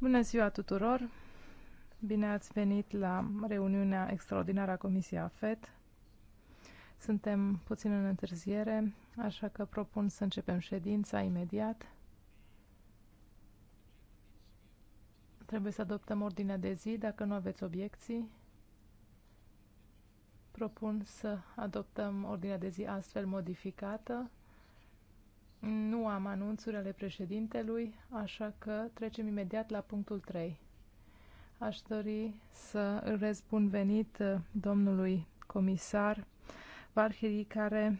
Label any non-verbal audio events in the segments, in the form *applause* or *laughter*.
Bună ziua tuturor! Bine ați venit la reuniunea extraordinară a Comisiei AFET. Suntem puțin în întârziere, așa că propun să începem ședința imediat. Trebuie să adoptăm ordinea de zi dacă nu aveți obiecții. Propun să adoptăm ordinea de zi astfel modificată. Nu am anunțuri ale președintelui, așa că trecem imediat la punctul 3. Aș dori să îl urez bun venit uh, domnului comisar Varhiri, care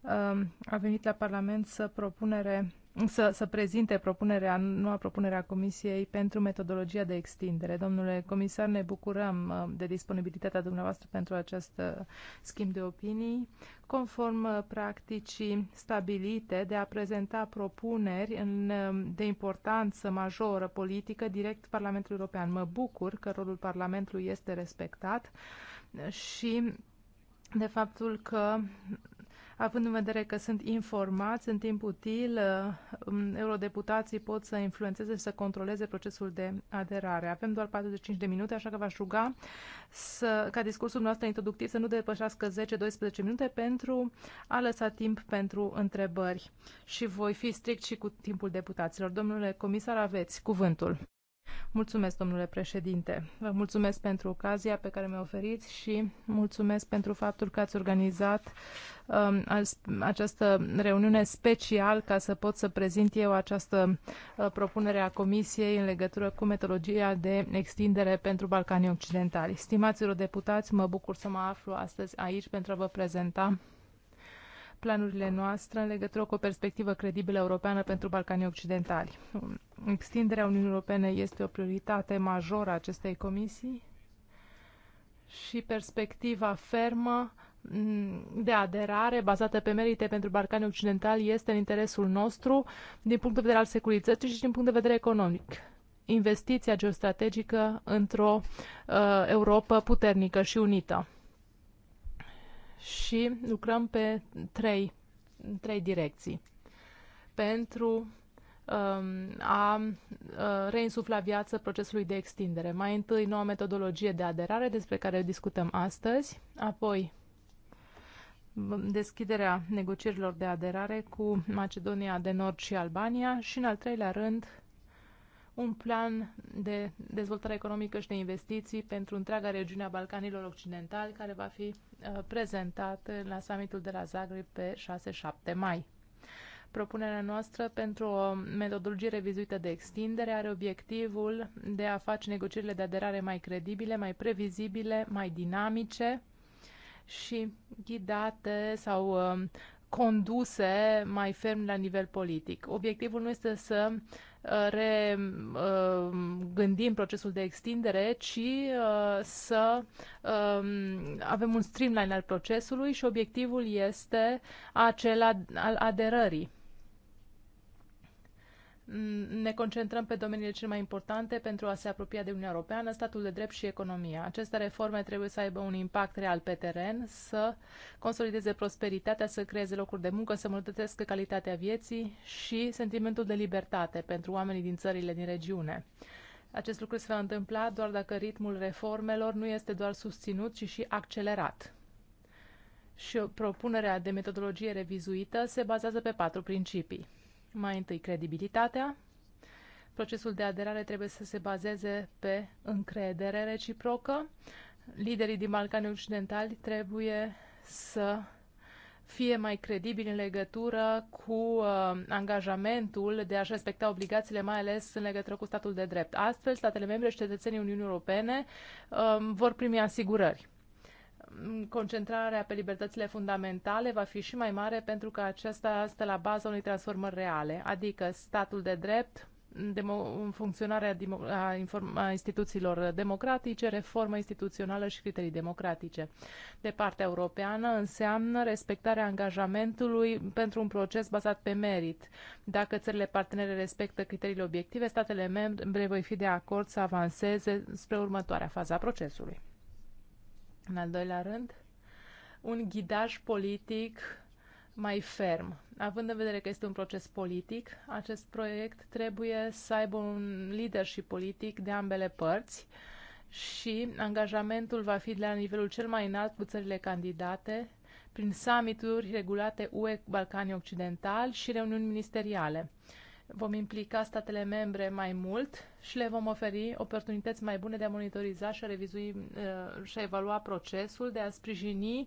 um, a venit la Parlament să propunere să, să prezinte propunerea, noua a Comisiei pentru metodologia de extindere. Domnule comisar, ne bucurăm uh, de disponibilitatea dumneavoastră pentru acest uh, schimb de opinii, conform uh, practicii stabilite de a prezenta propuneri în, de importanță majoră politică direct Parlamentului European. Mă bucur că rolul Parlamentului este respectat și de faptul că având în vedere că sunt informați în timp util, um, eurodeputații pot să influențeze și să controleze procesul de aderare. Avem doar 45 de minute, așa că v-aș ruga să, ca discursul nostru introductiv să nu depășească 10-12 minute pentru a lăsa timp pentru întrebări. Și voi fi strict și cu timpul deputaților. Domnule comisar, aveți cuvântul. Mulțumesc, domnule președinte. Vă mulțumesc pentru ocazia pe care mi-a oferit și mulțumesc pentru faptul că ați organizat um, această reuniune special ca să pot să prezint eu această uh, propunere a Comisiei în legătură cu metodologia de extindere pentru Balcanii Occidentali. Stimați deputați, mă bucur să mă aflu astăzi aici pentru a vă prezenta planurile noastre în legătură cu o perspectivă credibilă europeană pentru Balcanii Occidentali. Extinderea Uniunii Europene este o prioritate majoră a acestei comisii și perspectiva fermă mm, de aderare bazată pe merite pentru Balcanii Occidentali este în interesul nostru din punct de vedere al securității și din punct de vedere economic. Investiția geostrategică într-o uh, Europa puternică și unită și lucrăm pe trei, trei direcții pentru um, a uh, reinsufla viață procesului de extindere. Mai întâi, noua metodologie de aderare despre care discutăm astăzi, apoi deschiderea negocierilor de aderare cu Macedonia de Nord și Albania și, în al treilea rând, un plan de dezvoltare economică și de investiții pentru întreaga regiune a Balcanilor Occidentali, care va fi uh, prezentat la summitul de la Zagreb pe 6-7 mai. Propunerea noastră pentru o metodologie revizuită de extindere are obiectivul de a face negocierile de aderare mai credibile, mai previzibile, mai dinamice și ghidate sau uh, conduse mai ferm la nivel politic. Obiectivul nu este să uh, regândim uh, procesul de extindere, ci uh, să um, avem un streamline al procesului și obiectivul este acela al aderării ne concentrăm pe domeniile cele mai importante pentru a se apropia de Uniunea Europeană, statul de drept și economia. Aceste reforme trebuie să aibă un impact real pe teren, să consolideze prosperitatea, să creeze locuri de muncă, să îmbunătățească calitatea vieții și sentimentul de libertate pentru oamenii din țările din regiune. Acest lucru se va întâmpla doar dacă ritmul reformelor nu este doar susținut, ci și accelerat. Și propunerea de metodologie revizuită se bazează pe patru principii mai întâi, credibilitatea. Procesul de aderare trebuie să se bazeze pe încredere reciprocă. Liderii din Balcanii Occidentali trebuie să fie mai credibili în legătură cu uh, angajamentul de a-și respecta obligațiile, mai ales în legătură cu statul de drept. Astfel, statele membre și cetățenii Uniunii Europene uh, vor primi asigurări concentrarea pe libertățile fundamentale va fi și mai mare pentru că aceasta stă la baza unei transformări reale, adică statul de drept, demo, funcționarea a, a instituțiilor democratice, reformă instituțională și criterii democratice. De partea europeană înseamnă respectarea angajamentului pentru un proces bazat pe merit. Dacă țările partenere respectă criteriile obiective, statele membre voi fi de acord să avanseze spre următoarea fază a procesului. În al doilea rând, un ghidaj politic mai ferm. Având în vedere că este un proces politic, acest proiect trebuie să aibă un leadership politic de ambele părți și angajamentul va fi la nivelul cel mai înalt cu țările candidate, prin summituri regulate UE Balcanii Occidental și reuniuni ministeriale. Vom implica statele membre mai mult și le vom oferi oportunități mai bune de a monitoriza și a revizui uh, și a evalua procesul, de a sprijini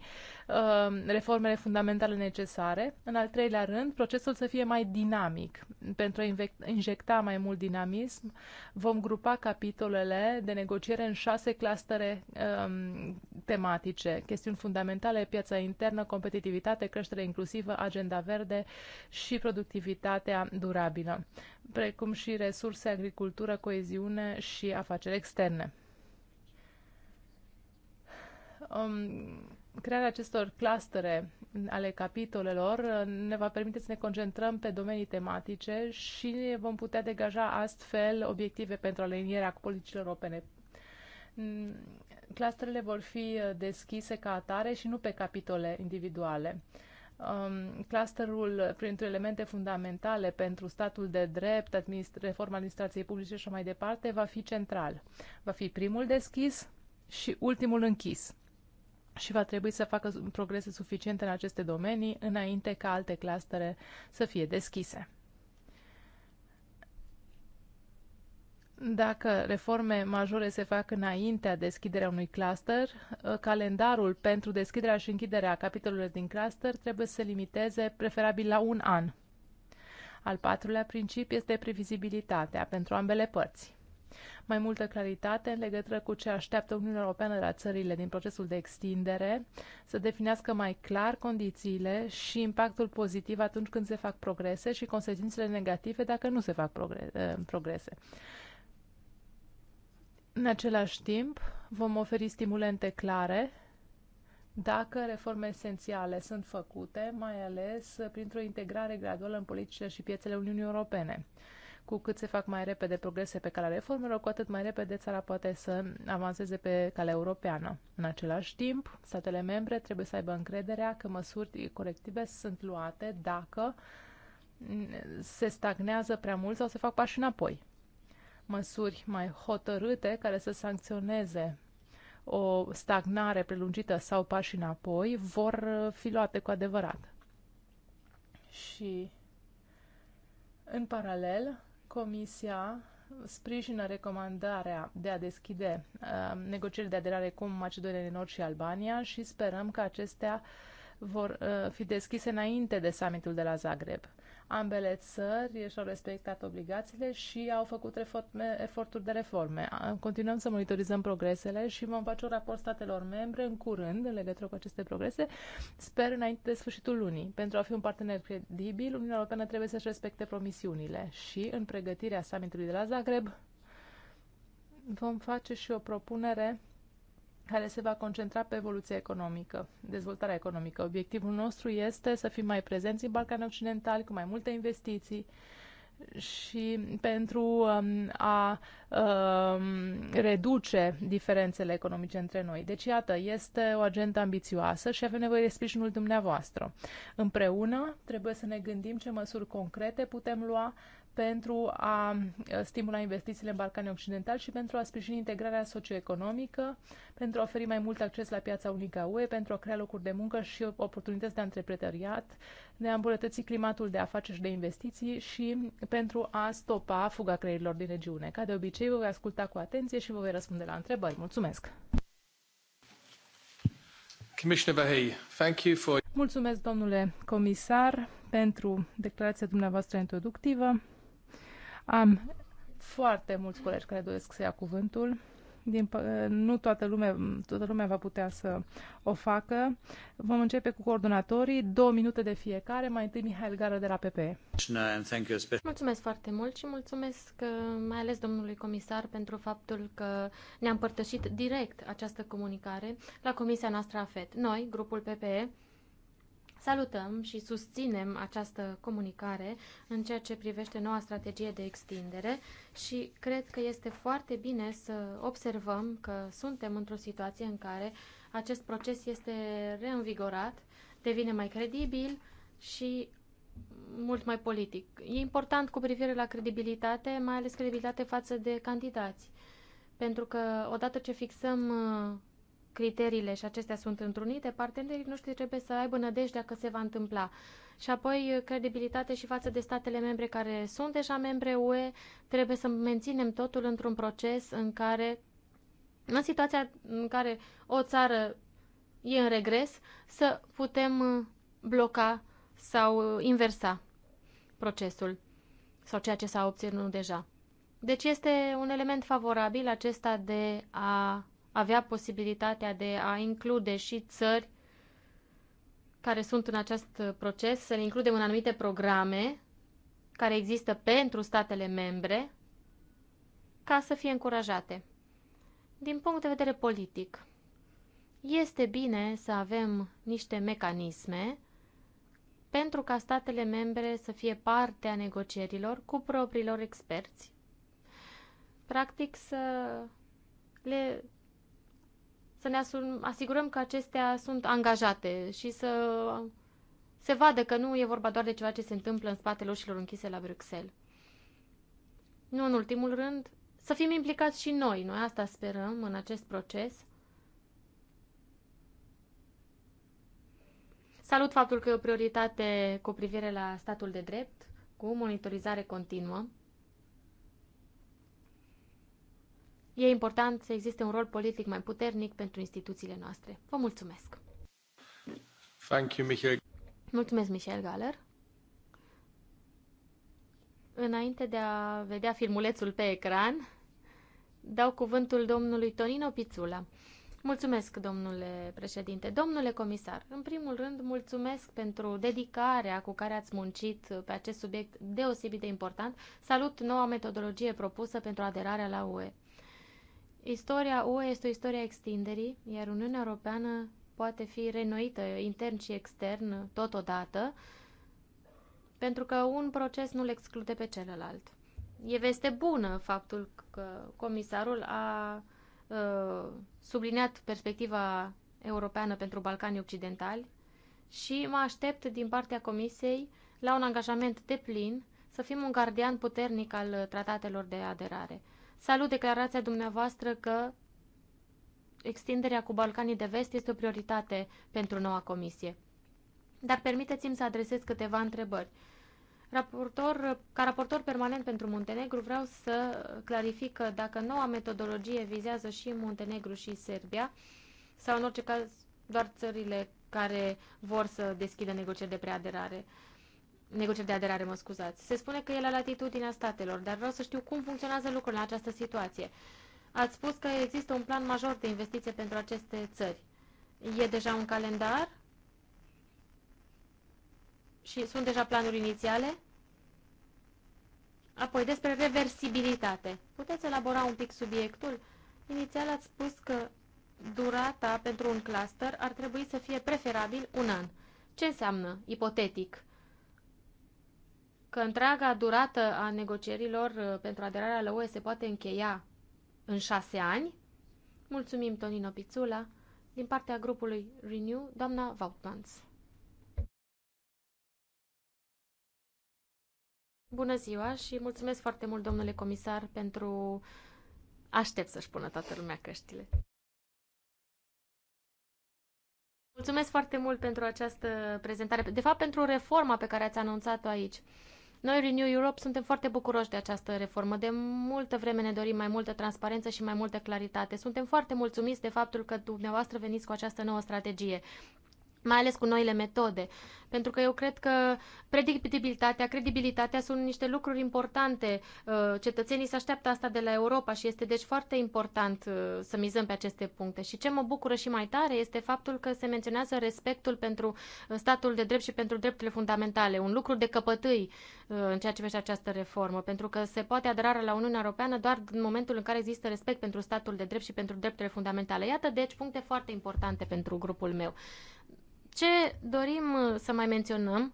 uh, reformele fundamentale necesare. În al treilea rând, procesul să fie mai dinamic. Pentru a injecta mai mult dinamism, vom grupa capitolele de negociere în șase clastere um, tematice. Chestiuni fundamentale, piața internă, competitivitate, creștere inclusivă, agenda verde și productivitatea durabilă precum și resurse, agricultură, coeziune și afaceri externe. Um, crearea acestor clustere ale capitolelor uh, ne va permite să ne concentrăm pe domenii tematice și vom putea degaja astfel obiective pentru alinierea cu politicile europene. Mm, clusterele vor fi uh, deschise ca atare și nu pe capitole individuale um, clusterul printre elemente fundamentale pentru statul de drept, administ reforma administrației publice și mai departe, va fi central. Va fi primul deschis și ultimul închis și va trebui să facă progrese suficiente în aceste domenii înainte ca alte clustere să fie deschise. Dacă reforme majore se fac înaintea deschiderea unui cluster, ă, calendarul pentru deschiderea și închiderea capitolului din cluster trebuie să se limiteze preferabil la un an. Al patrulea principiu este previzibilitatea pentru ambele părți. Mai multă claritate în legătură cu ce așteaptă Uniunea Europeană de la țările din procesul de extindere, să definească mai clar condițiile și impactul pozitiv atunci când se fac progrese și consecințele negative dacă nu se fac ă, progrese în același timp, vom oferi stimulente clare dacă reforme esențiale sunt făcute, mai ales printr-o integrare graduală în politicile și piețele Uniunii Europene. Cu cât se fac mai repede progrese pe calea reformelor, cu atât mai repede țara poate să avanseze pe calea europeană. În același timp, statele membre trebuie să aibă încrederea că măsuri corective sunt luate dacă se stagnează prea mult sau se fac pași înapoi măsuri mai hotărâte care să sancționeze o stagnare prelungită sau pași înapoi vor fi luate cu adevărat. Și în paralel, Comisia sprijină recomandarea de a deschide uh, negocieri de aderare cu Macedonia de Nord și Albania și sperăm că acestea vor uh, fi deschise înainte de summitul de la Zagreb. Ambele țări și-au respectat obligațiile și au făcut reforme, eforturi de reforme. Continuăm să monitorizăm progresele și vom face un raport statelor membre în curând în legătură cu aceste progrese, sper înainte de sfârșitul lunii. Pentru a fi un partener credibil, Uniunea Europeană trebuie să-și respecte promisiunile și în pregătirea summitului de la Zagreb vom face și o propunere care se va concentra pe evoluția economică, dezvoltarea economică. Obiectivul nostru este să fim mai prezenți în Balcani Occidentali, cu mai multe investiții și pentru um, a um, reduce diferențele economice între noi. Deci, iată, este o agendă ambițioasă și avem nevoie de sprijinul dumneavoastră. Împreună trebuie să ne gândim ce măsuri concrete putem lua pentru a stimula investițiile în Balcanii Occidentali și pentru a sprijini integrarea socioeconomică, pentru a oferi mai mult acces la piața unică a UE, pentru a crea locuri de muncă și oportunități de antreprenoriat, de a îmbunătăți climatul de afaceri și de investiții și pentru a stopa fuga creierilor din regiune. Ca de obicei, vă voi asculta cu atenție și vă voi răspunde la întrebări. Mulțumesc! Mulțumesc, domnule comisar, pentru declarația dumneavoastră introductivă. Am foarte mulți colegi care doresc să ia cuvântul. Din, nu toată lumea, toată lumea va putea să o facă. Vom începe cu coordonatorii, două minute de fiecare. Mai întâi Mihail Gară de la PP. Mulțumesc foarte mult și mulțumesc uh, mai ales domnului comisar pentru faptul că ne-a împărtășit direct această comunicare la comisia noastră FED. Noi, grupul PPE, Salutăm și susținem această comunicare în ceea ce privește noua strategie de extindere și cred că este foarte bine să observăm că suntem într-o situație în care acest proces este reînvigorat, devine mai credibil și mult mai politic. E important cu privire la credibilitate, mai ales credibilitate față de candidați. Pentru că odată ce fixăm uh, criteriile și acestea sunt întrunite, partenerii noștri trebuie să aibă nădejdea că se va întâmpla. Și apoi credibilitate și față de statele membre care sunt deja membre UE, trebuie să menținem totul într-un proces în care, în situația în care o țară e în regres, să putem uh, bloca sau uh, inversa procesul sau ceea ce s-a obținut deja. Deci este un element favorabil acesta de a avea posibilitatea de a include și țări care sunt în acest proces, să le includem în anumite programe care există pentru statele membre, ca să fie încurajate. Din punct de vedere politic, este bine să avem niște mecanisme pentru ca statele membre să fie parte a negocierilor cu propriilor experți. Practic să le să ne asigurăm că acestea sunt angajate și să se vadă că nu e vorba doar de ceva ce se întâmplă în spatele ușilor închise la Bruxelles. Nu în ultimul rând, să fim implicați și noi, noi asta sperăm în acest proces. Salut faptul că e o prioritate cu privire la statul de drept, cu monitorizare continuă. E important să existe un rol politic mai puternic pentru instituțiile noastre. Vă mulțumesc! Thank you, Michael. Mulțumesc, Michel Galer. Înainte de a vedea filmulețul pe ecran, dau cuvântul domnului Tonino Pițula. Mulțumesc, domnule președinte. Domnule comisar, în primul rând, mulțumesc pentru dedicarea cu care ați muncit pe acest subiect deosebit de important. Salut noua metodologie propusă pentru aderarea la UE. Istoria UE este o istorie a extinderii, iar Uniunea Europeană poate fi renoită intern și extern totodată, pentru că un proces nu-l exclude pe celălalt. E veste bună faptul că comisarul a uh, subliniat perspectiva europeană pentru Balcanii Occidentali și mă aștept din partea Comisiei la un angajament deplin să fim un gardian puternic al tratatelor de aderare. Salut declarația dumneavoastră că extinderea cu Balcanii de Vest este o prioritate pentru noua comisie. Dar permiteți-mi să adresez câteva întrebări. Raportor, ca raportor permanent pentru Muntenegru vreau să clarific că dacă noua metodologie vizează și Muntenegru și Serbia, sau în orice caz doar țările care vor să deschidă negocieri de preaderare. Uh, negocieri de aderare, mă scuzați. Se spune că e la latitudinea statelor, dar vreau să știu cum funcționează lucrurile în această situație. Ați spus că există un plan major de investiție pentru aceste țări. E deja un calendar? Și sunt deja planuri inițiale? Apoi, despre reversibilitate. Puteți elabora un pic subiectul? Inițial ați spus că durata pentru un cluster ar trebui să fie preferabil un an. Ce înseamnă, ipotetic, că întreaga durată a negocierilor uh, pentru aderarea la UE se poate încheia în șase ani. Mulțumim, Tonino Pițula. Din partea grupului Renew, doamna Vautmans. Bună ziua și mulțumesc foarte mult, domnule comisar, pentru... Aștept să-și pună toată lumea căștile. Mulțumesc foarte mult pentru această prezentare, de fapt pentru reforma pe care ați anunțat-o aici. Noi, Renew Europe, suntem foarte bucuroși de această reformă. De multă vreme ne dorim mai multă transparență și mai multă claritate. Suntem foarte mulțumiți de faptul că dumneavoastră veniți cu această nouă strategie mai ales cu noile metode. Pentru că eu cred că predictibilitatea, credibilitatea sunt niște lucruri importante. Uh, cetățenii se așteaptă asta de la Europa și este deci foarte important uh, să mizăm pe aceste puncte. Și ce mă bucură și mai tare este faptul că se menționează respectul pentru uh, statul de drept și pentru drepturile fundamentale. Un lucru de căpătâi în ceea ce vește această reformă. Pentru că se poate aderarea la Uniunea Europeană doar în momentul în care există respect pentru statul de drept și pentru drepturile fundamentale. Iată deci puncte foarte importante pentru grupul meu. Ce dorim uh, să mai menționăm?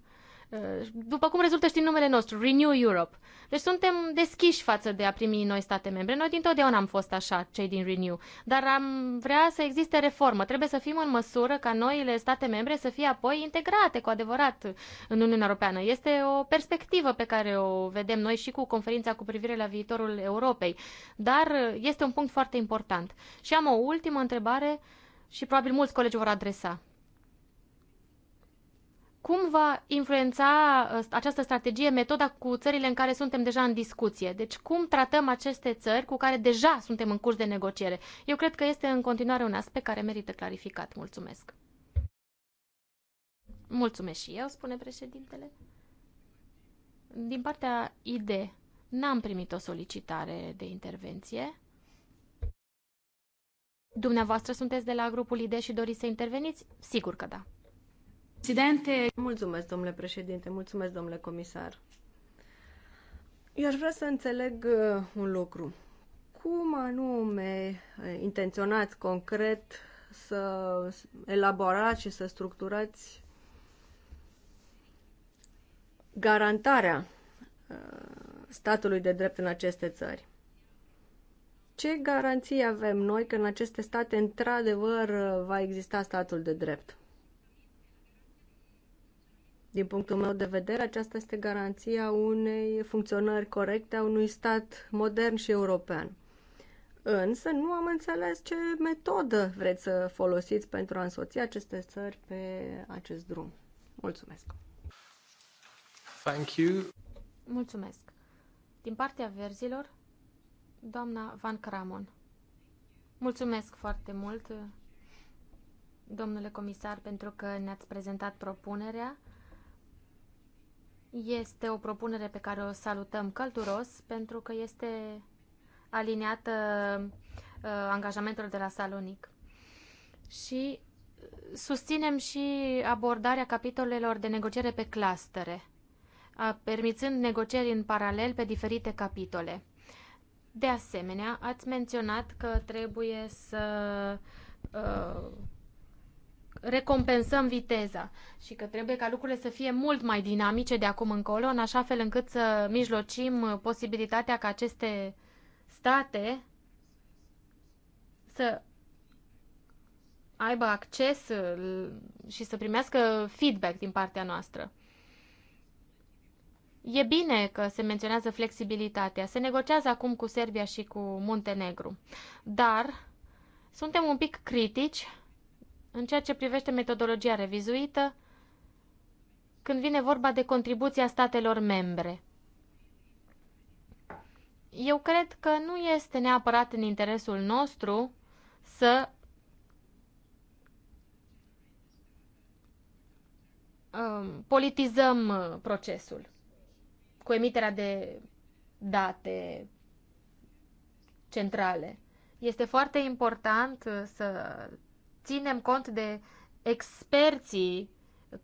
Uh, după cum rezultă știi numele nostru, Renew Europe. Deci suntem deschiși față de a primi noi state membre. Noi dintotdeauna am fost așa, cei din Renew. Dar am vrea să existe reformă. Trebuie să fim în măsură ca noile state membre să fie apoi integrate cu adevărat în Uniunea Europeană. Este o perspectivă pe care o vedem noi și cu conferința cu privire la viitorul Europei. Dar uh, este un punct foarte important. Și am o ultimă întrebare și probabil mulți colegi vor adresa cum va influența ă, această strategie metoda cu țările în care suntem deja în discuție? Deci cum tratăm aceste țări cu care deja suntem în curs de negociere? Eu cred că este în continuare un aspect care merită clarificat. Mulțumesc. Mulțumesc și eu, spune președintele. Din partea ID, n-am primit o solicitare de intervenție. Dumneavoastră sunteți de la grupul ID și doriți să interveniți? Sigur că da. Presidente. Mulțumesc, domnule președinte, mulțumesc, domnule comisar. Eu aș vrea să înțeleg uh, un lucru. Cum anume uh, intenționați concret să elaborați și să structurați garantarea uh, statului de drept în aceste țări? Ce garanții avem noi că în aceste state într-adevăr va exista statul de drept? Din punctul meu de vedere, aceasta este garanția unei funcționări corecte a unui stat modern și european. Însă nu am înțeles ce metodă vreți să folosiți pentru a însoți aceste țări pe acest drum. Mulțumesc! Thank you. Mulțumesc! Din partea verzilor, doamna Van Cramon. Mulțumesc foarte mult, domnule comisar, pentru că ne-ați prezentat propunerea este o propunere pe care o salutăm călduros pentru că este aliniată uh, angajamentelor de la Salonic. Și susținem și abordarea capitolelor de negociere pe clastere, permițând negocieri în paralel pe diferite capitole. De asemenea, ați menționat că trebuie să uh, recompensăm viteza și că trebuie ca lucrurile să fie mult mai dinamice de acum încolo, în așa fel încât să mijlocim uh, posibilitatea ca aceste state să aibă acces uh, și să primească feedback din partea noastră. E bine că se menționează flexibilitatea. Se negociază acum cu Serbia și cu Muntenegru. Dar suntem un pic critici în ceea ce privește metodologia revizuită, când vine vorba de contribuția statelor membre. Eu cred că nu este neapărat în interesul nostru să um, politizăm procesul cu emiterea de date centrale. Este foarte important să ținem cont de experții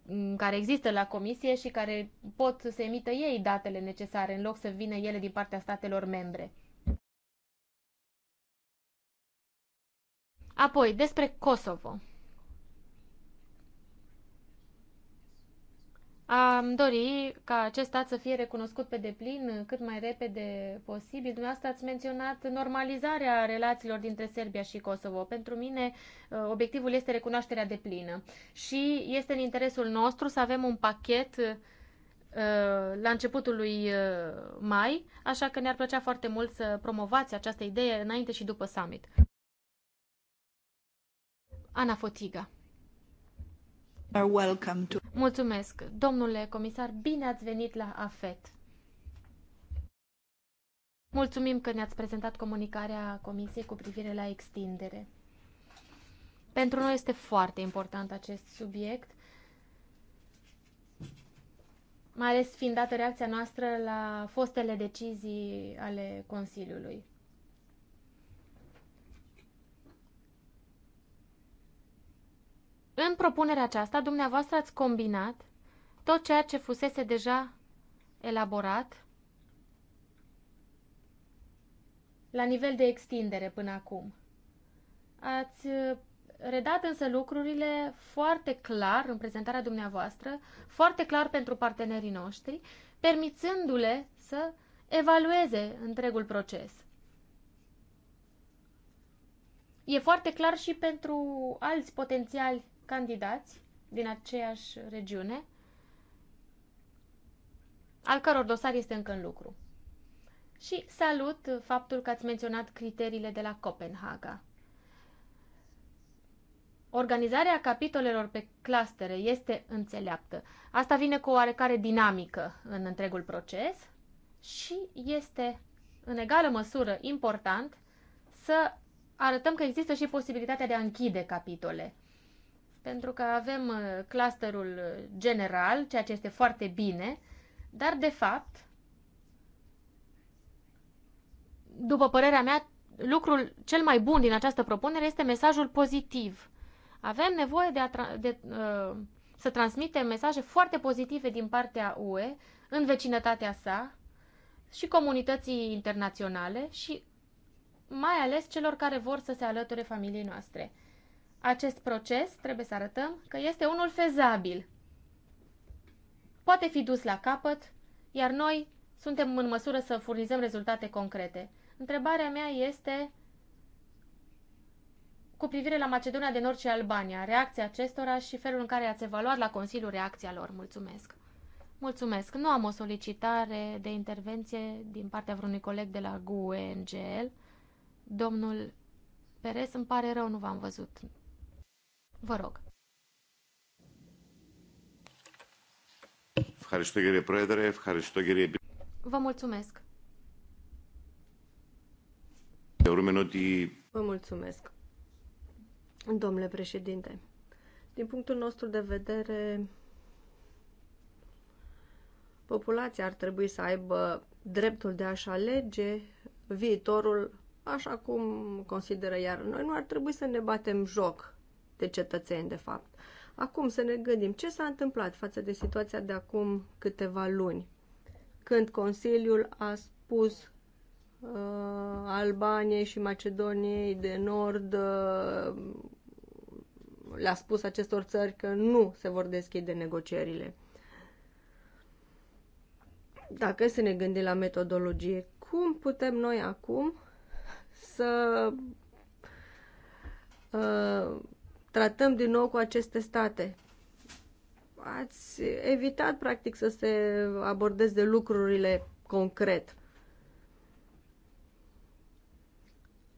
mm, care există la comisie și care pot să emită ei datele necesare în loc să vină ele din partea statelor membre. Apoi, despre Kosovo. Am dori ca acest stat să fie recunoscut pe deplin cât mai repede posibil. Dumneavoastră ați menționat normalizarea relațiilor dintre Serbia și Kosovo. Pentru mine, uh, obiectivul este recunoașterea deplină și este în interesul nostru să avem un pachet uh, la începutul lui uh, mai, așa că ne-ar plăcea foarte mult să promovați această idee înainte și după summit. Ana Fotiga. Mulțumesc. Domnule comisar, bine ați venit la AFET. Mulțumim că ne-ați prezentat comunicarea Comisiei cu privire la extindere. Pentru noi este foarte important acest subiect, mai ales fiind dată reacția noastră la fostele decizii ale Consiliului. În propunerea aceasta, dumneavoastră ați combinat tot ceea ce fusese deja elaborat la nivel de extindere până acum. Ați uh, redat însă lucrurile foarte clar în prezentarea dumneavoastră, foarte clar pentru partenerii noștri, permițându-le să evalueze întregul proces. E foarte clar și pentru alți potențiali candidați din aceeași regiune, al căror dosar este încă în lucru. Și salut faptul că ați menționat criteriile de la Copenhaga. Organizarea capitolelor pe clastere este înțeleaptă. Asta vine cu o oarecare dinamică în întregul proces și este în egală măsură important să arătăm că există și posibilitatea de a închide capitole pentru că avem uh, clusterul uh, general, ceea ce este foarte bine, dar de fapt, după părerea mea, lucrul cel mai bun din această propunere este mesajul pozitiv. Avem nevoie de, a tra- de uh, să transmitem mesaje foarte pozitive din partea UE în vecinătatea sa și comunității internaționale și mai ales celor care vor să se alăture familiei noastre. Acest proces, trebuie să arătăm, că este unul fezabil. Poate fi dus la capăt, iar noi suntem în măsură să furnizăm rezultate concrete. Întrebarea mea este cu privire la Macedonia de Nord și Albania, reacția acestora și felul în care ați evaluat la Consiliu reacția lor. Mulțumesc! Mulțumesc! Nu am o solicitare de intervenție din partea vreunui coleg de la GUE-NGL. Domnul Perez, îmi pare rău, nu v-am văzut Vă rog. Vă mulțumesc. Vă mulțumesc, domnule președinte. Din punctul nostru de vedere, populația ar trebui să aibă dreptul de a-și alege viitorul așa cum consideră iar noi. Nu ar trebui să ne batem joc de cetățeni, de fapt. Acum să ne gândim ce s-a întâmplat față de situația de acum câteva luni, când Consiliul a spus uh, Albaniei și Macedoniei de Nord, uh, le-a spus acestor țări că nu se vor deschide negocierile. Dacă să ne gândim la metodologie, cum putem noi acum să uh, tratăm din nou cu aceste state. Ați evitat, practic, să se abordeze lucrurile concret.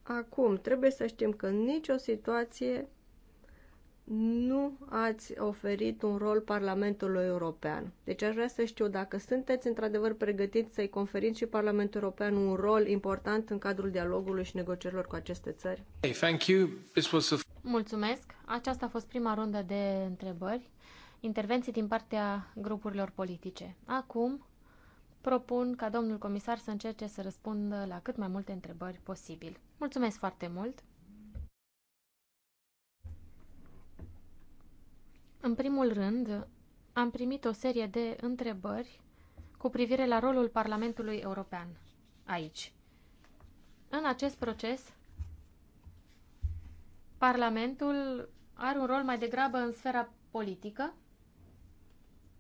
Acum, trebuie să știm că nicio situație nu ați oferit un rol Parlamentului European. Deci aș vrea să știu dacă sunteți într-adevăr pregătiți să-i conferiți și Parlamentul European un rol important în cadrul dialogului și negocierilor cu aceste țări. Hey, thank you. This was a... Mulțumesc. Aceasta a fost prima rundă de întrebări, intervenții din partea grupurilor politice. Acum propun ca domnul comisar să încerce să răspundă la cât mai multe întrebări posibil. Mulțumesc foarte mult! În primul rând, am primit o serie de întrebări cu privire la rolul Parlamentului European aici. În acest proces, Parlamentul are un rol mai degrabă în sfera politică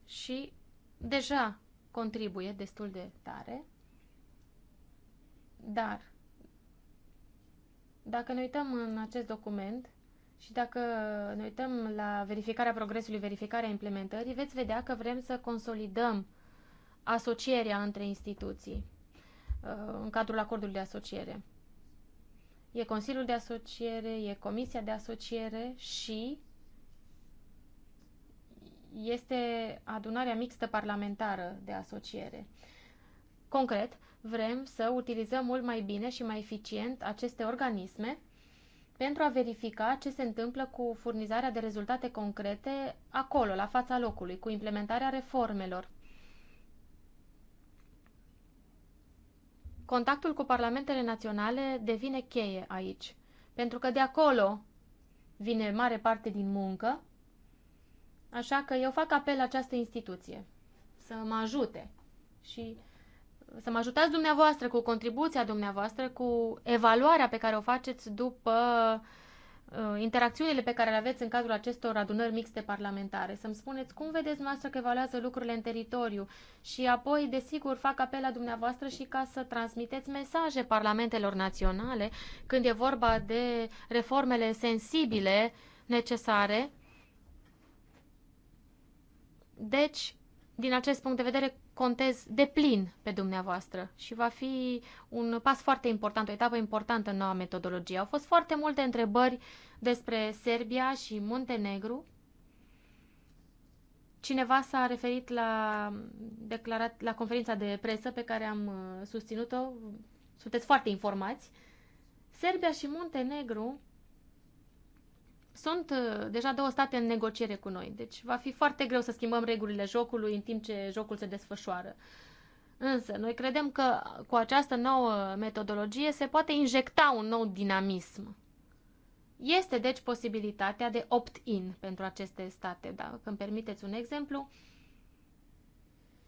și deja contribuie destul de tare, dar dacă ne uităm în acest document, și dacă ne uităm la verificarea progresului, verificarea implementării, veți vedea că vrem să consolidăm asocierea între instituții uh, în cadrul acordului de asociere. E Consiliul de Asociere, e Comisia de Asociere și este adunarea mixtă parlamentară de asociere. Concret, vrem să utilizăm mult mai bine și mai eficient aceste organisme pentru a verifica ce se întâmplă cu furnizarea de rezultate concrete acolo, la fața locului, cu implementarea reformelor. Contactul cu parlamentele naționale devine cheie aici, pentru că de acolo vine mare parte din muncă, așa că eu fac apel la această instituție să mă ajute și să mă ajutați dumneavoastră cu contribuția dumneavoastră, cu evaluarea pe care o faceți după uh, interacțiunile pe care le aveți în cadrul acestor adunări mixte parlamentare. Să-mi spuneți cum vedeți noastră că evaluează lucrurile în teritoriu și apoi, desigur, fac apel la dumneavoastră și ca să transmiteți mesaje parlamentelor naționale când e vorba de reformele sensibile necesare. Deci, din acest punct de vedere, contez de plin pe dumneavoastră și va fi un pas foarte important, o etapă importantă în noua metodologie. Au fost foarte multe întrebări despre Serbia și Muntenegru. Cineva s-a referit la, declarat, la conferința de presă pe care am uh, susținut-o. Sunteți foarte informați. Serbia și Muntenegru sunt uh, deja două state în negociere cu noi, deci va fi foarte greu să schimbăm regulile jocului în timp ce jocul se desfășoară. Însă, noi credem că cu această nouă metodologie se poate injecta un nou dinamism. Este, deci, posibilitatea de opt-in pentru aceste state. Dacă îmi permiteți un exemplu,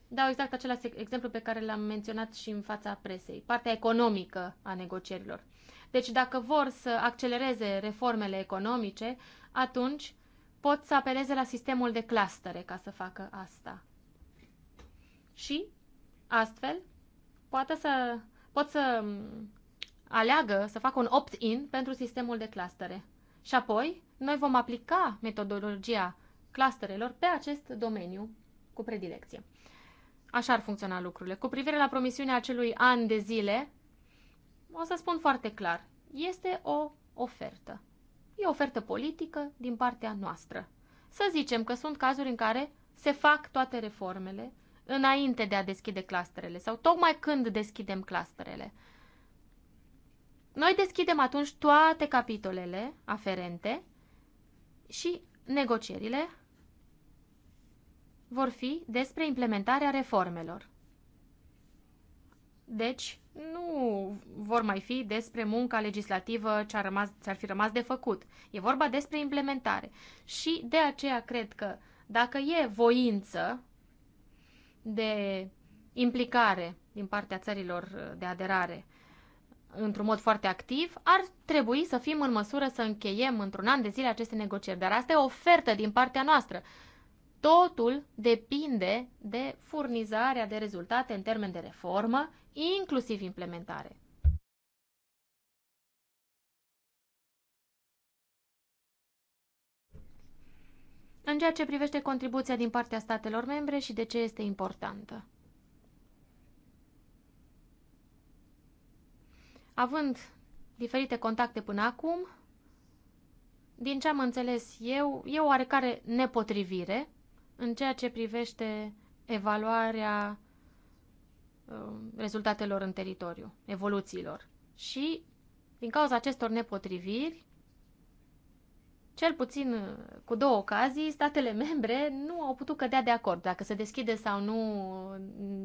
dau exact același exemplu pe care l-am menționat și în fața presei, partea economică a negocierilor. Deci dacă vor să accelereze reformele economice, atunci pot să apeleze la sistemul de clastere ca să facă asta. Și, astfel, poate să, pot să mm, aleagă să facă un opt-in pentru sistemul de clastere. Și apoi, noi vom aplica metodologia clusterelor pe acest domeniu cu predilecție. Așa ar funcționa lucrurile. Cu privire la promisiunea acelui an de zile, o să spun foarte clar, este o ofertă. E o ofertă politică din partea noastră. Să zicem că sunt cazuri în care se fac toate reformele înainte de a deschide clusterele sau tocmai când deschidem clusterele. Noi deschidem atunci toate capitolele aferente și negocierile vor fi despre implementarea reformelor. Deci, nu vor mai fi despre munca legislativă ce ar, rămas, ce ar fi rămas de făcut. E vorba despre implementare. Și de aceea cred că dacă e voință de implicare din partea țărilor de aderare într-un mod foarte activ, ar trebui să fim în măsură să încheiem într-un an de zile aceste negocieri. Dar asta e o ofertă din partea noastră. Totul depinde de furnizarea de rezultate în termen de reformă, inclusiv implementare. În ceea ce privește contribuția din partea statelor membre și de ce este importantă. Având diferite contacte până acum, din ce am înțeles eu, e o oarecare nepotrivire în ceea ce privește evaluarea um, rezultatelor în teritoriu, evoluțiilor. Și din cauza acestor nepotriviri, cel puțin uh, cu două ocazii, statele membre nu au putut cădea de acord dacă se deschide sau nu uh,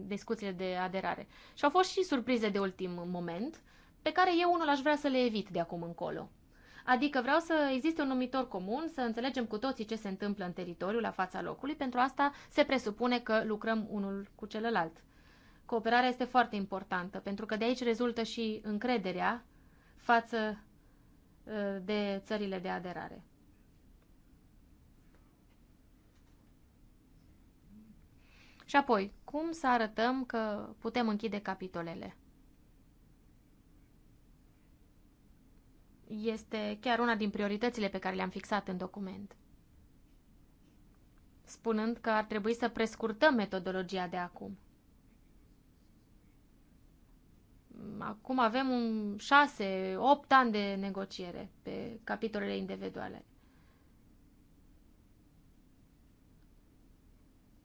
discuțiile de aderare. Și au fost și surprize de ultim moment, pe care eu unul aș vrea să le evit de acum încolo. Adică vreau să existe un numitor comun, să înțelegem cu toții ce se întâmplă în teritoriu, la fața locului. Pentru asta se presupune că lucrăm unul cu celălalt. Cooperarea este foarte importantă, pentru că de aici rezultă și încrederea față uh, de țările de aderare. Și apoi, cum să arătăm că putem închide capitolele? este chiar una din prioritățile pe care le-am fixat în document, spunând că ar trebui să prescurtăm metodologia de acum. Acum avem un șase, opt ani de negociere pe capitolele individuale.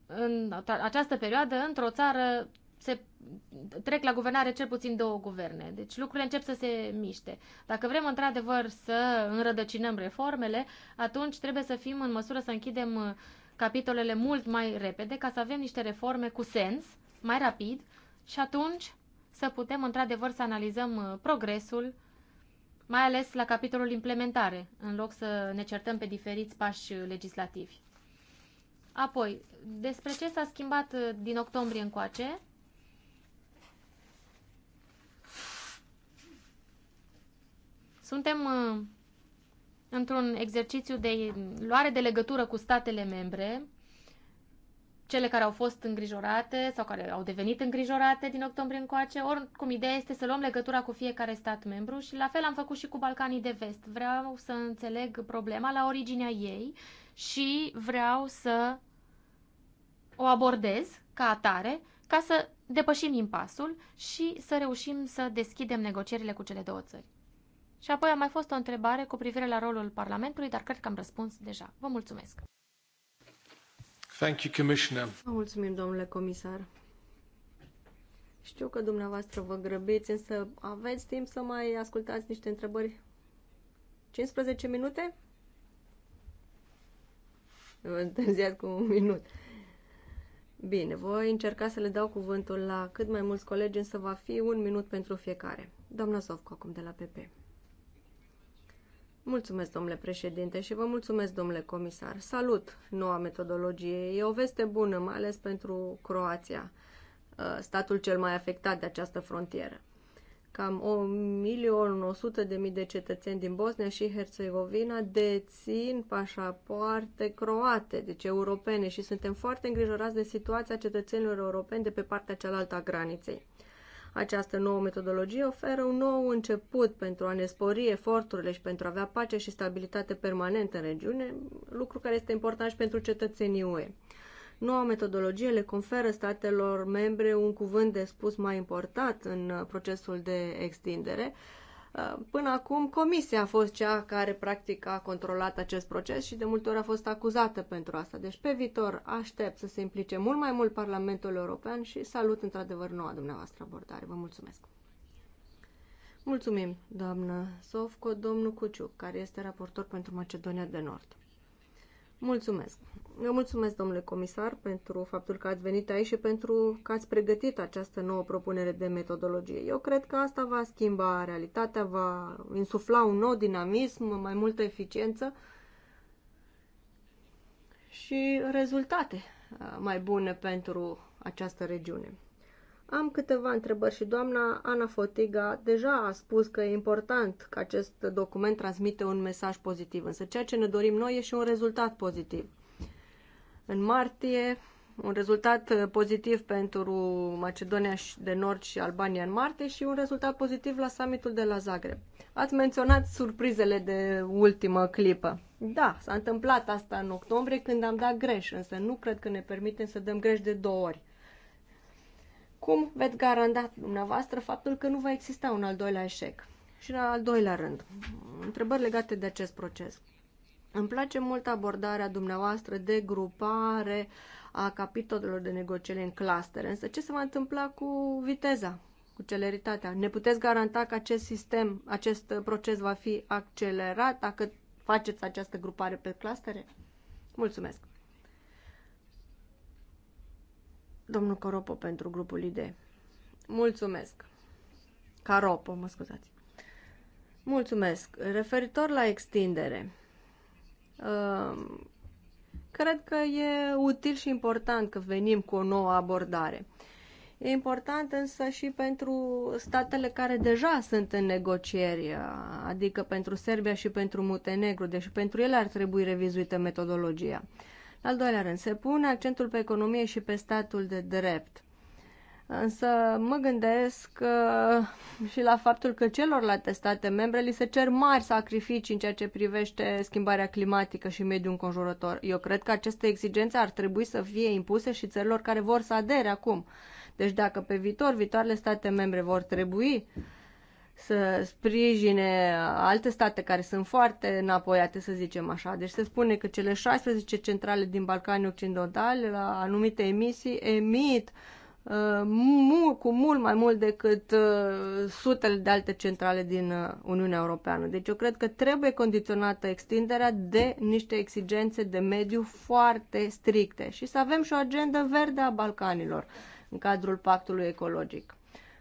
În această perioadă, într-o țară, se trec la guvernare cel puțin două guverne. Deci lucrurile încep să se miște. Dacă vrem într-adevăr să înrădăcinăm reformele, atunci trebuie să fim în măsură să închidem uh, capitolele mult mai repede ca să avem niște reforme cu sens, mai rapid și atunci să putem într-adevăr să analizăm uh, progresul, mai ales la capitolul implementare, în loc să ne certăm pe diferiți pași uh, legislativi. Apoi, despre ce s-a schimbat din octombrie încoace? Suntem uh, într-un exercițiu de luare de legătură cu statele membre, cele care au fost îngrijorate sau care au devenit îngrijorate din octombrie încoace, oricum ideea este să luăm legătura cu fiecare stat membru și la fel am făcut și cu Balcanii de Vest. Vreau să înțeleg problema la originea ei și vreau să o abordez ca atare ca să depășim impasul și să reușim să deschidem negocierile cu cele două țări. Și apoi a mai fost o întrebare cu privire la rolul Parlamentului, dar cred că am răspuns deja. Vă mulțumesc! Thank you, Commissioner. Vă mulțumim, domnule comisar. Știu că dumneavoastră vă grăbiți, însă aveți timp să mai ascultați niște întrebări? 15 minute? Vă întârziați cu un minut. Bine, voi încerca să le dau cuvântul la cât mai mulți colegi, însă va fi un minut pentru fiecare. Doamna Sovco, acum de la PP. Mulțumesc, domnule președinte, și vă mulțumesc, domnule comisar. Salut noua metodologie. E o veste bună, mai ales pentru Croația, ă, statul cel mai afectat de această frontieră. Cam 1.100.000 de cetățeni din Bosnia și Herțegovina dețin pașapoarte croate, deci europene, și suntem foarte îngrijorați de situația cetățenilor europeni de pe partea cealaltă a graniței. Această nouă metodologie oferă un nou început pentru a ne spori eforturile și pentru a avea pace și stabilitate permanentă în regiune, lucru care este important și pentru cetățenii UE. Noua metodologie le conferă statelor membre un cuvânt de spus mai important în procesul de extindere, Uh, până acum, comisia a fost cea care, practic, a controlat acest proces și de multe ori a fost acuzată pentru asta. Deci, pe viitor, aștept să se implice mult mai mult Parlamentul European și salut, într-adevăr, noua dumneavoastră abordare. Vă mulțumesc! Mulțumim, doamnă Sofco, domnul Cuciuc, care este raportor pentru Macedonia de Nord. Mulțumesc! Eu mulțumesc, domnule comisar, pentru faptul că ați venit aici și pentru că ați pregătit această nouă propunere de metodologie. Eu cred că asta va schimba realitatea, va insufla un nou dinamism, mai multă eficiență și rezultate uh, mai bune pentru această regiune. Am câteva întrebări și doamna Ana Fotiga deja a spus că e important că acest document transmite un mesaj pozitiv, însă ceea ce ne dorim noi e și un rezultat pozitiv. În martie, un rezultat uh, pozitiv pentru Macedonia de Nord și Albania în martie și un rezultat pozitiv la summitul de la Zagreb. Ați menționat surprizele de ultimă clipă. Da, s-a întâmplat asta în octombrie când am dat greș, însă nu cred că ne permitem să dăm greș de două ori. Cum veți garanta dumneavoastră faptul că nu va exista un al doilea eșec? Și în al doilea rând, întrebări legate de acest proces. Îmi place mult abordarea dumneavoastră de grupare a capitolelor de negociere în clustere, însă ce se va întâmpla cu viteza, cu celeritatea? Ne puteți garanta că acest sistem, acest proces va fi accelerat dacă faceți această grupare pe clustere? Mulțumesc! Domnul Coropo pentru grupul ID. Mulțumesc. Caropo, mă scuzați. Mulțumesc. Referitor la extindere, um, cred că e util și important că venim cu o nouă abordare. E important însă și pentru statele care deja sunt în negocieri, adică pentru Serbia și pentru Muntenegru, deși pentru ele ar trebui revizuită metodologia. Al doilea rând, se pune accentul pe economie și pe statul de drept. Însă mă gândesc uh, și la faptul că celorlalte state membre li se cer mari sacrificii în ceea ce privește schimbarea climatică și mediul înconjurător. Eu cred că aceste exigențe ar trebui să fie impuse și țărilor care vor să adere acum. Deci dacă pe viitor viitoarele state membre vor trebui uh, să sprijine alte state care sunt foarte înapoiate, să zicem așa. Deci se spune că cele 16 centrale din Balcanii Occidentali, la anumite emisii, emit uh, mult, cu mult mai mult decât uh, sutele de alte centrale din uh, Uniunea Europeană. Deci eu cred că trebuie condiționată extinderea de niște exigențe de mediu foarte stricte și să avem și o agendă verde a Balcanilor în cadrul pactului ecologic.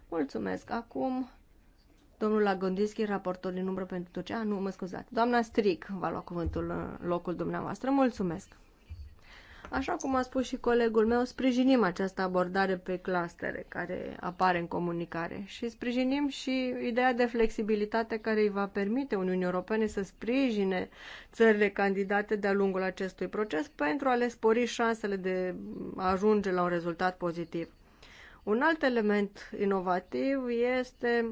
Mulțumesc. Acum Domnul Lagondischi, raportor din umbră pentru Turcia. Nu, mă scuzați. Doamna Stric va lua cuvântul în locul dumneavoastră. Mulțumesc! Așa cum a spus și colegul meu, sprijinim această abordare pe clustere care apare în comunicare și sprijinim și ideea de flexibilitate care îi va permite Uniunii Europene să sprijine țările candidate de-a lungul acestui proces pentru a le spori șansele de a ajunge la un rezultat pozitiv. Un alt element inovativ este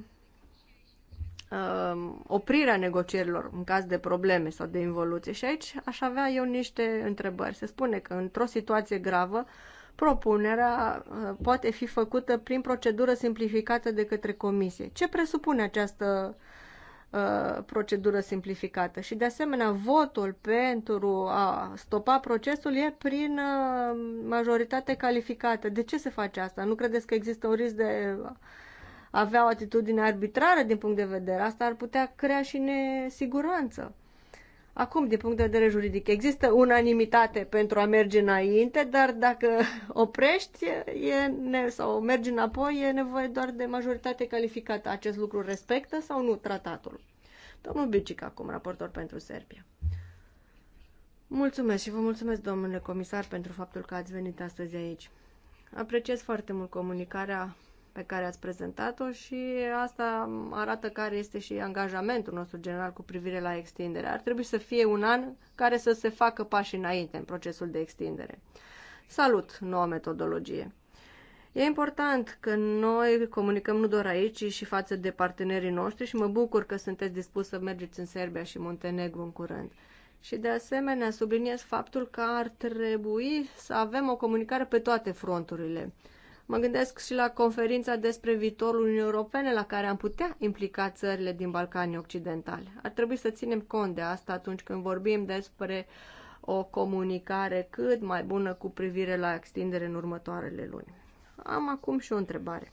Um, oprirea negocierilor în caz de probleme sau de involuție. Și aici aș avea eu niște întrebări. Se spune că într-o situație gravă, propunerea uh, poate fi făcută prin procedură simplificată de către comisie. Ce presupune această uh, procedură simplificată? Și de asemenea, votul pentru a stopa procesul e prin uh, majoritate calificată. De ce se face asta? Nu credeți că există un risc de avea o atitudine arbitrară din punct de vedere, asta ar putea crea și nesiguranță. Acum, din punct de vedere juridic, există unanimitate pentru a merge înainte, dar dacă *laughs* oprești e ne- sau mergi înapoi, e nevoie doar de majoritate calificată. Acest lucru respectă sau nu tratatul? Domnul Bicic, acum, raportor pentru Serbia. Mulțumesc și vă mulțumesc, domnule comisar, pentru faptul că ați venit astăzi aici. Apreciez foarte mult comunicarea pe care ați prezentat-o și asta arată care este și angajamentul nostru general cu privire la extindere. Ar trebui să fie un an care să se facă pași înainte în procesul de extindere. Salut noua metodologie! E important că noi comunicăm nu doar aici, ci și față de partenerii noștri și mă bucur că sunteți dispus să mergeți în Serbia și Muntenegru în curând. Și de asemenea subliniez faptul că ar trebui să avem o comunicare pe toate fronturile Mă gândesc și la conferința despre viitorul Uniunii Europene la care am putea implica țările din Balcanii Occidentale. Ar trebui să ținem cont de asta atunci când vorbim despre o comunicare cât mai bună cu privire la extindere în următoarele luni. Am acum și o întrebare.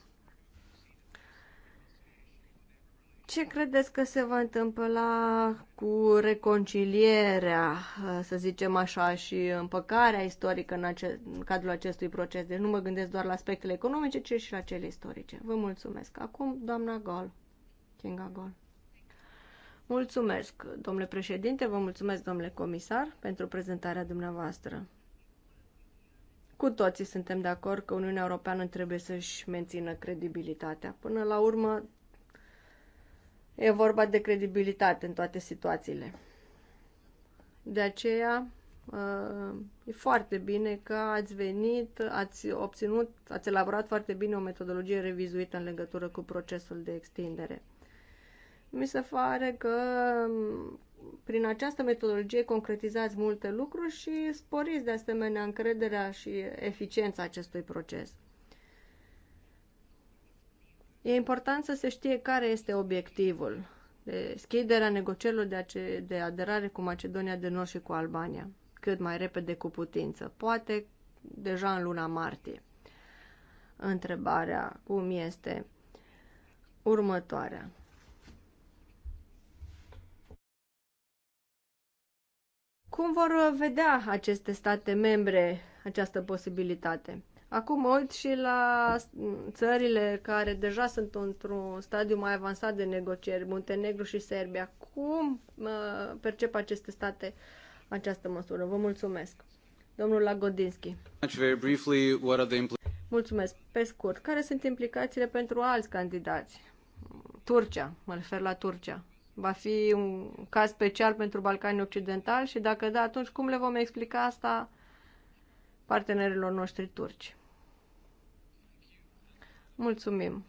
Ce credeți că se va întâmpla cu reconcilierea, să zicem așa, și împăcarea istorică în, ace- în cadrul acestui proces? Deci nu mă gândesc doar la aspectele economice, ci și la cele istorice. Vă mulțumesc. Acum, doamna Gol. Kinga Gol. Mulțumesc, domnule președinte, vă mulțumesc, domnule comisar, pentru prezentarea dumneavoastră. Cu toții suntem de acord că Uniunea Europeană trebuie să-și mențină credibilitatea. Până la urmă, E vorba de credibilitate în toate situațiile. De aceea uh, e foarte bine că ați venit, ați obținut, ați elaborat foarte bine o metodologie revizuită în legătură cu procesul de extindere. Mi se pare că um, prin această metodologie concretizați multe lucruri și sporiți de asemenea încrederea și eficiența acestui proces. E important să se știe care este obiectivul deschiderea negocierilor de, ace- de aderare cu Macedonia de Nord și cu Albania, cât mai repede cu putință, poate deja în luna martie. Întrebarea cum este următoarea. Cum vor vedea aceste state membre această posibilitate? Acum mă uit și la țările care deja sunt într-un stadiu mai avansat de negocieri, Muntenegru și Serbia. Cum percep aceste state această măsură? Vă mulțumesc. Domnul Lagodinski. Mulțumesc. Pe scurt, care sunt implicațiile pentru alți candidați? Turcia, mă refer la Turcia. Va fi un caz special pentru Balcanii Occidentali și dacă da, atunci cum le vom explica asta partenerilor noștri turci? Mulțumim.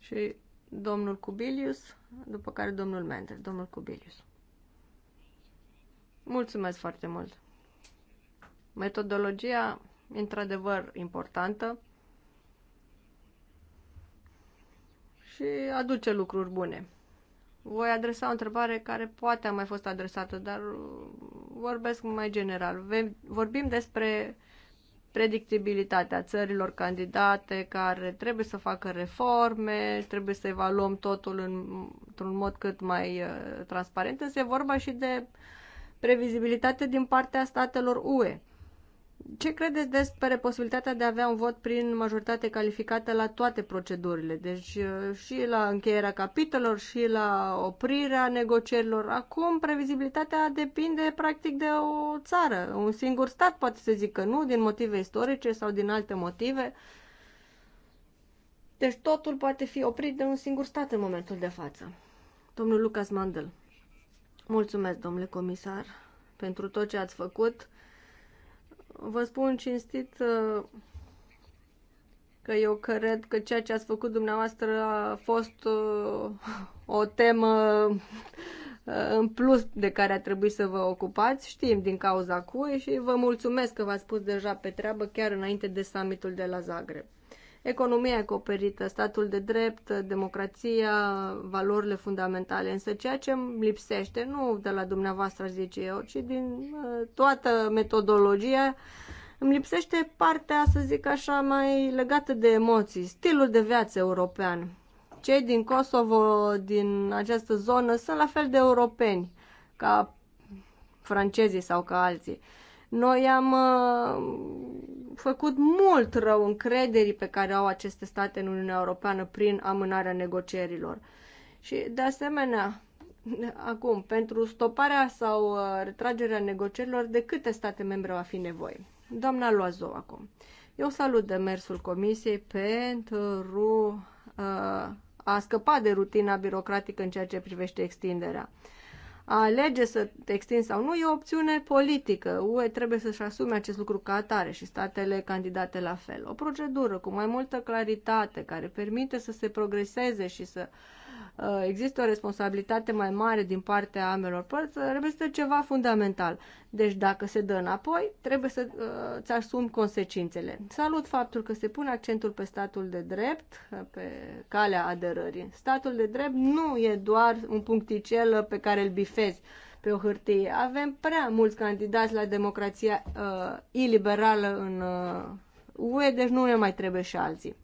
Și domnul Cubilius, după care domnul Mendel, domnul Cubilius. Mulțumesc foarte mult. Metodologia, într-adevăr, importantă și aduce lucruri bune. Voi adresa o întrebare care poate a mai fost adresată, dar vorbesc mai general. Vorbim despre predictibilitatea țărilor candidate care trebuie să facă reforme, trebuie să evaluăm totul în, într-un mod cât mai uh, transparent, însă e vorba și de previzibilitate din partea statelor UE. Ce credeți despre posibilitatea de a avea un vot prin majoritate calificată la toate procedurile? Deci uh, și la încheierea capitolelor, și la oprirea negocierilor. Acum previzibilitatea depinde practic de o țară. Un singur stat poate să zică nu din motive istorice sau din alte motive. Deci totul poate fi oprit de un singur stat în momentul de față. Domnul Lucas Mandel, mulțumesc, domnule comisar, pentru tot ce ați făcut Vă spun cinstit uh, că eu cred că ceea ce ați făcut dumneavoastră a fost uh, o temă uh, în plus de care a trebuit să vă ocupați, știm din cauza cui și vă mulțumesc că v-ați pus deja pe treabă chiar înainte de summitul de la Zagreb economia acoperită, statul de drept, democrația, valorile fundamentale. Însă ceea ce îmi lipsește, nu de la dumneavoastră, zice eu, ci din uh, toată metodologia, îmi lipsește partea, să zic așa, mai legată de emoții, stilul de viață european. Cei din Kosovo, din această zonă, sunt la fel de europeni ca francezii sau ca alții. Noi am uh, făcut mult rău încrederii pe care au aceste state în Uniunea Europeană prin amânarea negocierilor. Și, de asemenea, acum, pentru stoparea sau uh, retragerea negocierilor, de câte state membre va fi nevoie? Doamna Loazo, acum. Eu salut demersul Comisiei pentru uh, a scăpa de rutina birocratică în ceea ce privește extinderea. Uh, a alege să te extinzi sau nu e o opțiune politică. UE trebuie să-și asume acest lucru ca atare și statele candidate la fel. O procedură cu mai multă claritate care permite să se progreseze și să uh, Uh, există o responsabilitate mai mare din partea ambelor părți, uh, reprezintă ceva fundamental. Deci dacă se dă înapoi, trebuie să îți uh, asumi consecințele. Salut faptul că se pune accentul pe statul de drept, pe calea aderării. Statul de drept nu e doar un puncticel pe care îl bifezi pe o hârtie. Avem prea mulți candidați la democrația uh, iliberală în uh, UE, deci nu ne mai trebuie și alții.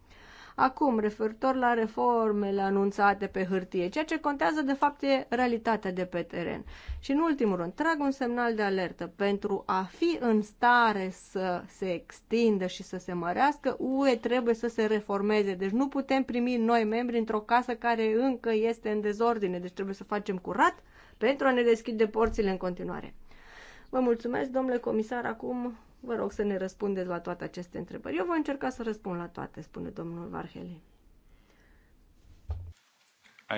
Acum, referitor la reformele anunțate pe hârtie, ceea ce contează de fapt e realitatea de pe teren. Și în ultimul rând, trag un semnal de alertă. Pentru a fi în stare să se extindă și să se mărească, UE trebuie să se reformeze. Deci nu putem primi noi membri într-o casă care încă este în dezordine. Deci trebuie să facem curat pentru a ne deschide porțile în continuare. Vă mulțumesc, domnule comisar. Acum Vă rog să ne răspundeți la toate aceste întrebări. Eu voi încerca să răspund la toate, spune domnul Varheli.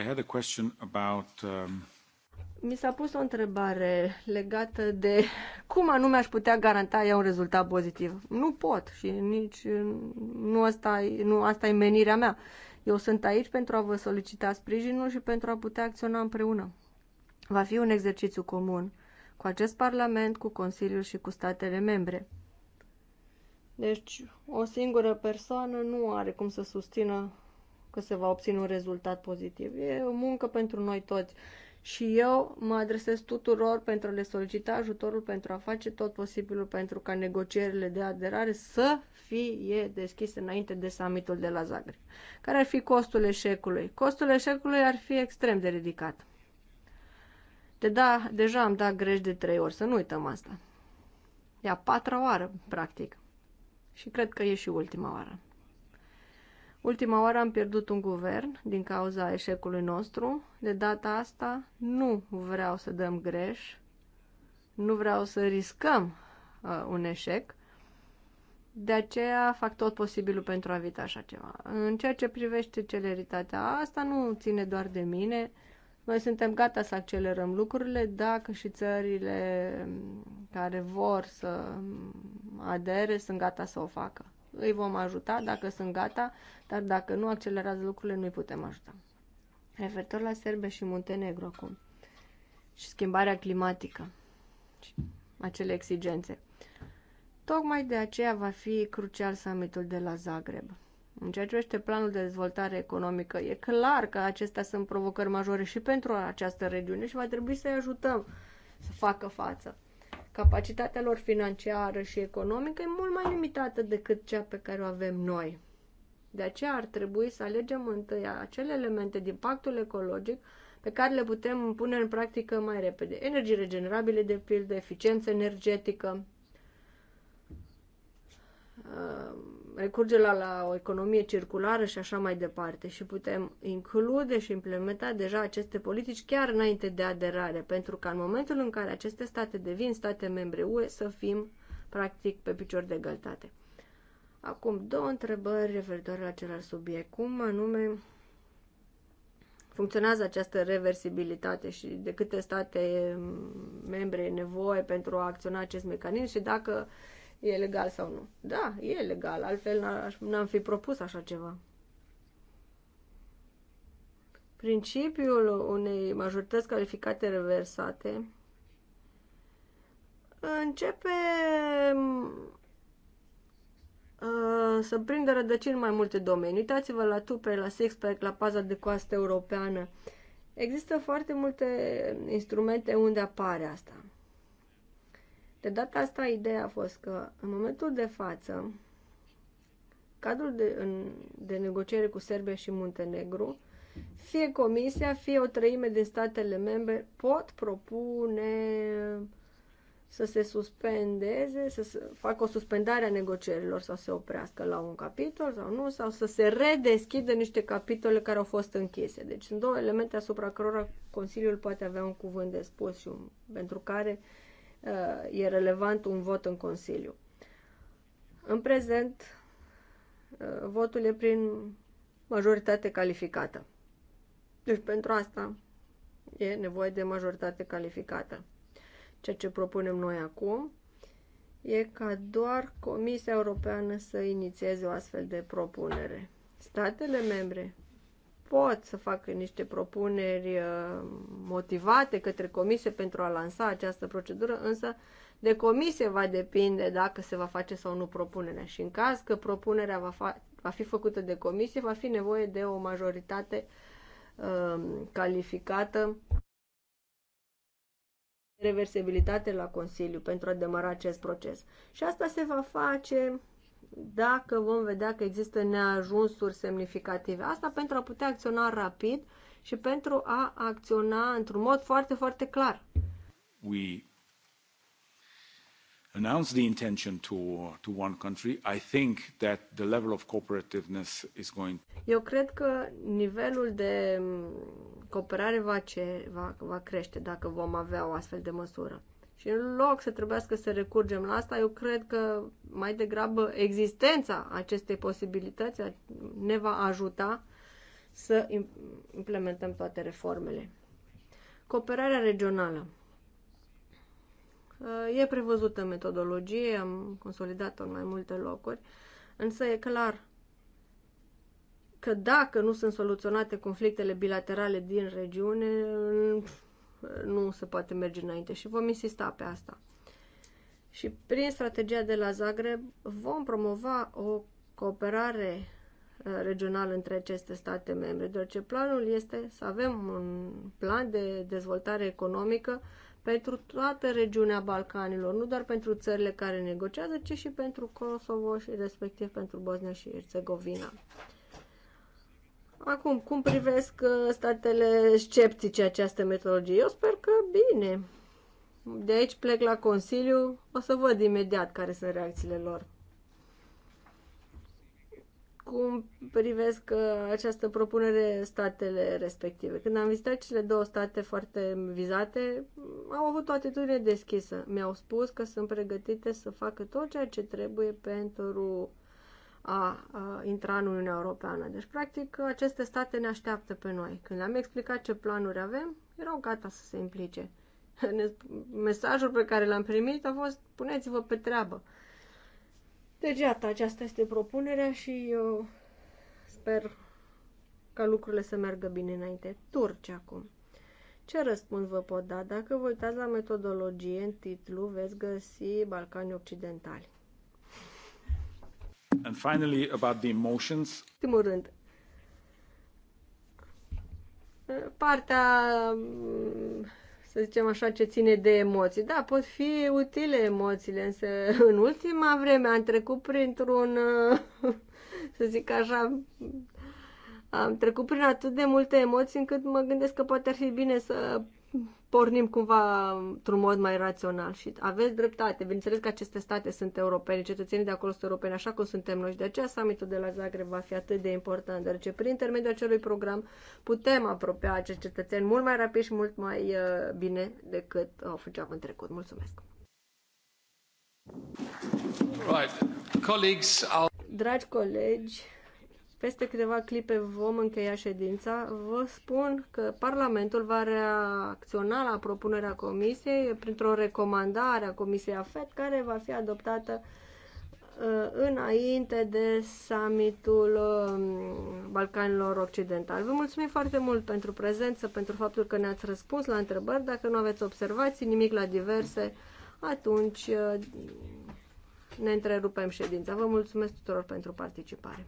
I had a question about, um... Mi s-a pus o întrebare legată de cum anume aș putea garanta eu un rezultat pozitiv. Nu pot și nici nu asta, e, nu asta e menirea mea. Eu sunt aici pentru a vă solicita sprijinul și pentru a putea acționa împreună. Va fi un exercițiu comun cu acest Parlament, cu Consiliul și cu statele membre. Deci, o singură persoană nu are cum să susțină că se va obține un rezultat pozitiv. E o muncă pentru noi toți. Și eu mă adresez tuturor pentru a le solicita ajutorul pentru a face tot posibilul pentru ca negocierile de aderare să fie deschise înainte de summitul de la Zagreb. Care ar fi costul eșecului? Costul eșecului ar fi extrem de ridicat. De da, deja am dat greș de trei ori, să nu uităm asta. E a patra oară, practic. Și cred că e și ultima oară. Ultima oară am pierdut un guvern din cauza eșecului nostru. De data asta nu vreau să dăm greș, nu vreau să riscăm uh, un eșec. De aceea fac tot posibilul pentru a evita așa ceva. În ceea ce privește celeritatea, asta nu ține doar de mine, uh, noi suntem gata să accelerăm lucrurile dacă și țările care vor să adere sunt gata să o facă. Îi vom ajuta dacă sunt gata, dar dacă nu accelerează lucrurile, nu-i putem ajuta. Referitor la Serbia și Muntenegru acum și schimbarea climatică și acele exigențe. Tocmai de aceea va fi crucial summitul de la Zagreb. În ceea ce este planul de dezvoltare economică, e clar că acestea sunt provocări majore și pentru această regiune și va trebui să-i ajutăm să facă față. Capacitatea lor financiară și economică e mult mai limitată decât cea pe care o avem noi. De aceea ar trebui să alegem întâi acele elemente din pactul ecologic pe care le putem pune în practică mai repede. Energii regenerabile, de pildă, eficiență energetică, uh, recurge la, la o economie circulară și așa mai departe. Și putem include și implementa deja aceste politici chiar înainte de aderare, pentru că în momentul în care aceste state devin state membre UE să fim practic pe picior de egalitate. Acum două întrebări referitoare la același subiect. Cum anume funcționează această reversibilitate și de câte state mm, membre e nevoie pentru a acționa acest mecanism și dacă e legal sau nu. Da, e legal, altfel n-am fi propus așa ceva. Principiul unei majorități calificate reversate începe mm, să prindă rădăcini mai multe domenii. Uitați-vă la Tupe, la Sixpack, la paza de coastă europeană. Există foarte multe instrumente unde apare asta. De data asta, ideea a fost că în momentul de față, cadrul de, în, de negociere cu Serbia și Muntenegru, fie Comisia, fie o treime de statele membre pot propune să se suspendeze, să se facă o suspendare a negocierilor sau să se oprească la un capitol sau nu, sau să se redeschidă niște capitole care au fost închise. Deci sunt două elemente asupra cărora Consiliul poate avea un cuvânt de spus și un, pentru care uh, Uh, e relevant un vot în Consiliu. În prezent, uh, votul e prin majoritate calificată. Deci pentru asta e nevoie de majoritate calificată. Ceea ce propunem noi acum e ca doar Comisia Europeană să inițieze o astfel de propunere. Statele membre pot să facă niște propuneri uh, motivate către comisie pentru a lansa această procedură, însă de comisie va depinde dacă se va face sau nu propunerea și în caz că propunerea va, fa- va fi făcută de comisie, va fi nevoie de o majoritate um, calificată reversibilitate la Consiliu pentru a demara acest proces. Și asta se va face dacă vom vedea că există neajunsuri semnificative. Asta pentru a putea acționa rapid și pentru a acționa într-un mod foarte, foarte clar. We announce the intention to, to one country, I think that the level of cooperativeness is going Eu cred că nivelul de mm, cooperare va, ce, va, va crește dacă vom avea o astfel de măsură. Și în loc să trebuiască să recurgem la asta, eu cred că mai degrabă existența acestei posibilități ne va ajuta să implementăm toate reformele. Cooperarea regională. E prevăzută metodologie, am consolidat-o în mai multe locuri, însă e clar că dacă nu sunt soluționate conflictele bilaterale din regiune, nu se poate merge înainte și vom insista pe asta. Și prin strategia de la Zagreb vom promova o cooperare uh, regional între aceste state membre, deoarece planul este să avem un plan de dezvoltare economică pentru toată regiunea Balcanilor, nu doar pentru țările care negociază, ci și pentru Kosovo și respectiv pentru Bosnia și Herzegovina. Acum, cum privesc uh, statele sceptice această metodologie? Eu sper că bine. De aici plec la Consiliu, o să văd imediat care sunt reacțiile lor. Cum privesc uh, această propunere statele respective? Când am vizitat cele două state foarte vizate, au avut o atitudine deschisă. Mi-au spus că sunt pregătite să facă tot ceea ce trebuie pentru a, a intra în Uniunea Europeană. Deci, practic, aceste state ne așteaptă pe noi. Când le-am explicat ce planuri avem, erau gata să se implice. *laughs* Mesajul pe care l-am primit a fost puneți-vă pe treabă. Deci, iată, aceasta este propunerea și eu sper ca lucrurile să meargă bine înainte. Turcia acum. Ce răspuns vă pot da? Dacă vă uitați la metodologie, în titlu veți găsi Balcanii Occidentali. And finally, about the emotions. Ultimul rând, partea, să zicem așa, ce ține de emoții. Da, pot fi utile emoțiile, însă în ultima vreme am trecut printr-un, să zic așa, am trecut prin atât de multe emoții încât mă gândesc că poate ar fi bine să pornim cumva într-un mod mai rațional și aveți dreptate. Bineînțeles că aceste state sunt europene, cetățenii de acolo sunt europeni, așa cum suntem noi și de aceea summitul de la Zagreb va fi atât de important, deoarece prin intermediul acelui program putem apropia acești cetățeni mult mai rapid și mult mai uh, bine decât au făceam în trecut. Mulțumesc! Right. Colleagues, I'll... Dragi colegi, peste câteva clipe vom încheia ședința. Vă spun că Parlamentul va reacționa la propunerea Comisiei printr-o recomandare a Comisiei AFET care va fi adoptată uh, înainte de summitul um, Balcanilor Occidentali. Vă mulțumim foarte mult pentru prezență, pentru faptul că ne-ați răspuns la întrebări. Dacă nu aveți observații, nimic la diverse, atunci uh, ne întrerupem ședința. Vă mulțumesc tuturor pentru participare.